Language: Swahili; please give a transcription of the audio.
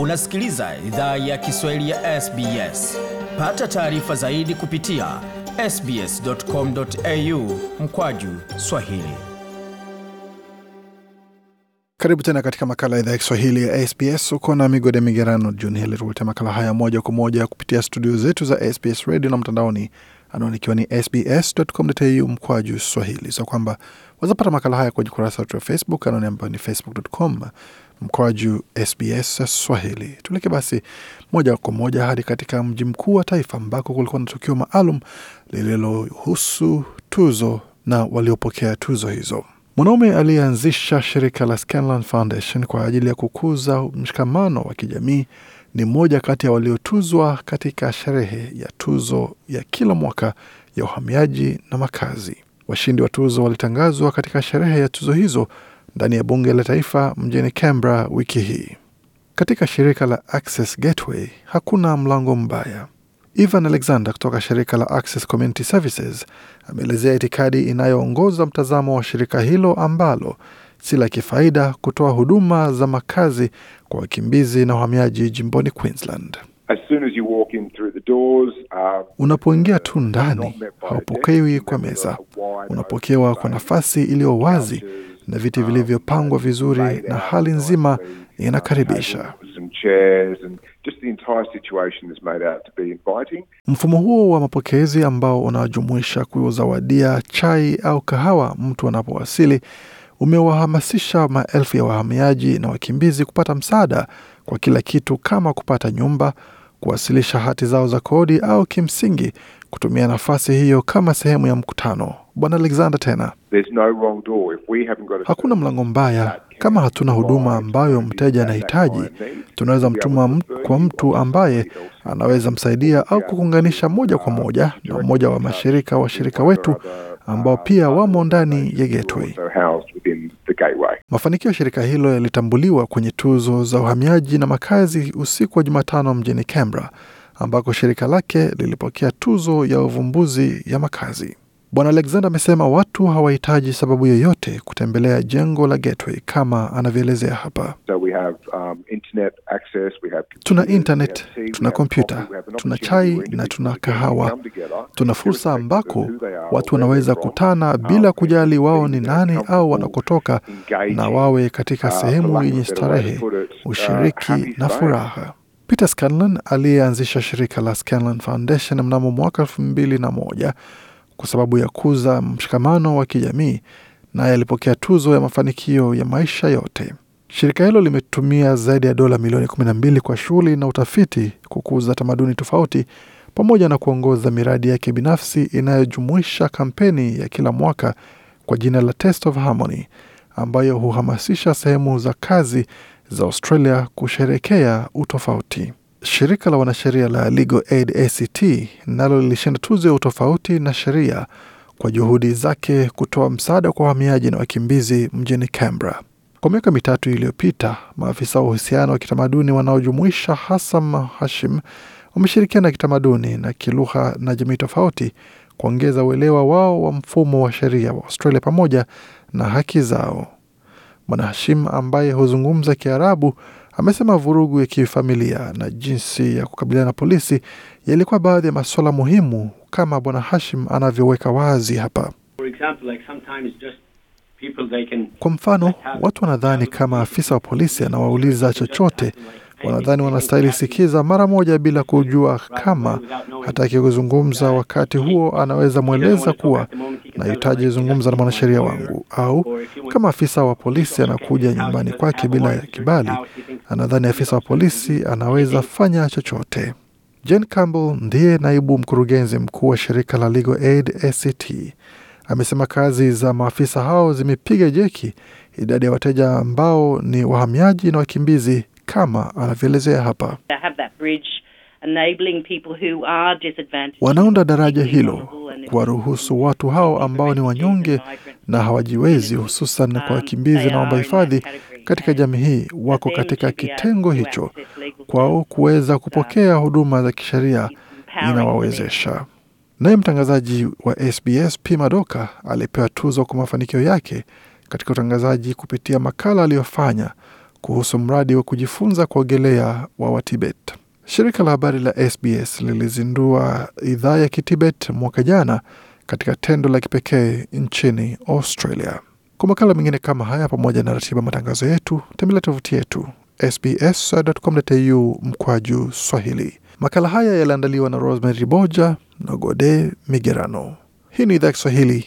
Unasikiliza idhaa ya Kiswahili ya SBS. Pata taarifa zaidi kupitia sbs.com.au mkwaju swahili. Karibu tena katika makala ya idhaa ya Kiswahili ya SBS. Uko na migode migerano juni hili, tukuletea makala haya moja kwa moja kupitia studio zetu za SBS radio na mtandaoni, anwani ikiwa ni sbs.com.au mkwaju swahili. So kwamba wazapata makala haya kwenye ukurasa wetu wa Facebook, anaone ambayo ni facebook.com mkoaju SBS Swahili. Tuleke basi moja kwa moja hadi katika mji mkuu wa taifa ambako kulikuwa na tukio maalum lililohusu tuzo na waliopokea tuzo hizo. Mwanaume aliyeanzisha shirika la Scanlan Foundation kwa ajili ya kukuza mshikamano wa kijamii ni mmoja kati ya waliotuzwa katika sherehe ya tuzo ya kila mwaka ya uhamiaji na makazi. Washindi wa tuzo walitangazwa katika sherehe ya tuzo hizo ndani ya bunge la taifa mjini Canberra wiki hii. Katika shirika la Access Gateway hakuna mlango mbaya. Ivan Alexander kutoka shirika la Access Community Services ameelezea itikadi inayoongoza mtazamo wa shirika hilo ambalo si la kifaida kutoa huduma za makazi kwa wakimbizi na wahamiaji jimboni Queensland. Uh, unapoingia tu uh, ndani haupokewi kwa meza, unapokewa kwa nafasi iliyo wazi na viti vilivyopangwa vizuri na hali nzima inakaribisha. Mfumo huo wa mapokezi ambao unajumuisha kuzawadia chai au kahawa mtu anapowasili umewahamasisha maelfu ya wahamiaji na wakimbizi kupata msaada kwa kila kitu kama kupata nyumba, kuwasilisha hati zao za kodi au kimsingi kutumia nafasi hiyo kama sehemu ya mkutano. Bwana Alexander tena hakuna mlango mbaya kama hatuna huduma ambayo mteja anahitaji, tunaweza mtuma kwa mtu ambaye anaweza msaidia au kukuunganisha moja kwa moja na mmoja wa mashirika washirika wetu ambao pia wamo ndani ya Gateway. Mafanikio ya shirika hilo yalitambuliwa kwenye tuzo za uhamiaji na makazi usiku wa Jumatano mjini Canberra ambako shirika lake lilipokea tuzo ya uvumbuzi ya makazi. Bwana Alexander amesema watu hawahitaji sababu yoyote kutembelea jengo la Gateway kama anavyoelezea hapa. So we have, um, internet access, we have... tuna internet, tuna kompyuta, tuna chai na tuna kahawa. Tuna fursa ambako watu wanaweza kutana um, bila kujali wao ni nani au wanakotoka, na wawe katika uh, sehemu yenye starehe, uh, ushiriki na furaha. Peter Scanlon aliyeanzisha shirika la Scanlon Foundation mnamo mwaka elfu mbili na moja kwa sababu ya kuza mshikamano wa kijamii, naye alipokea tuzo ya mafanikio ya maisha yote. Shirika hilo limetumia zaidi ya dola milioni 12 kwa shughuli na utafiti, kukuza tamaduni tofauti, pamoja na kuongoza miradi yake binafsi inayojumuisha kampeni ya kila mwaka kwa jina la Test of Harmony ambayo huhamasisha sehemu za kazi za Australia kusherekea utofauti. Shirika la wanasheria la Legal Aid ACT nalo lilishinda tuzo ya utofauti na sheria kwa juhudi zake kutoa msaada kwa wahamiaji na wakimbizi mjini Canberra. Kwa miaka mitatu iliyopita, maafisa wa uhusiano wa kitamaduni wanaojumuisha Hassam Hashim wameshirikiana na kitamaduni na kilugha na jamii tofauti kuongeza uelewa wao wa mfumo wa sheria wa Australia pamoja na haki zao. Mwanahashim ambaye huzungumza Kiarabu amesema vurugu ya kifamilia na jinsi ya kukabiliana na polisi yalikuwa baadhi ya masuala muhimu, kama Bwana Hashim anavyoweka wazi hapa. For example, like kwa mfano watu wanadhani kama afisa wa polisi anawauliza chochote wanadhani wanastahili sikiza mara moja bila kujua kama hataki kuzungumza wakati huo, anaweza mweleza kuwa nahitaji zungumza na mwanasheria wangu, au kama afisa wa polisi anakuja nyumbani kwake bila ya kibali, anadhani afisa wa polisi anaweza fanya chochote. Jen Campbell ndiye naibu mkurugenzi mkuu wa shirika la Legal Aid ACT amesema kazi za maafisa hao zimepiga jeki idadi ya wateja ambao ni wahamiaji na wakimbizi kama anavyoelezea hapa. Wanaunda daraja hilo kuwaruhusu watu hao ambao ni wanyonge na hawajiwezi, hususan kwa um, wakimbizi na waomba hifadhi katika jamii hii, wako katika kitengo hicho. Kwao kuweza um, kupokea huduma za kisheria inawawezesha. Naye mtangazaji wa SBS P Madoka alipewa tuzo kwa mafanikio yake katika utangazaji kupitia makala aliyofanya kuhusu mradi wa kujifunza kuogelea wa Watibet. Shirika la habari la SBS lilizindua idhaa ya Kitibet mwaka jana katika tendo la kipekee nchini Australia. Kwa makala mengine kama haya, pamoja na ratiba matangazo yetu, tembelea tovuti yetu sbs.com.au mkwaju Swahili. Makala haya yaliandaliwa na Rosemary Boja na Gode Migerano. Hii ni idhaa Kiswahili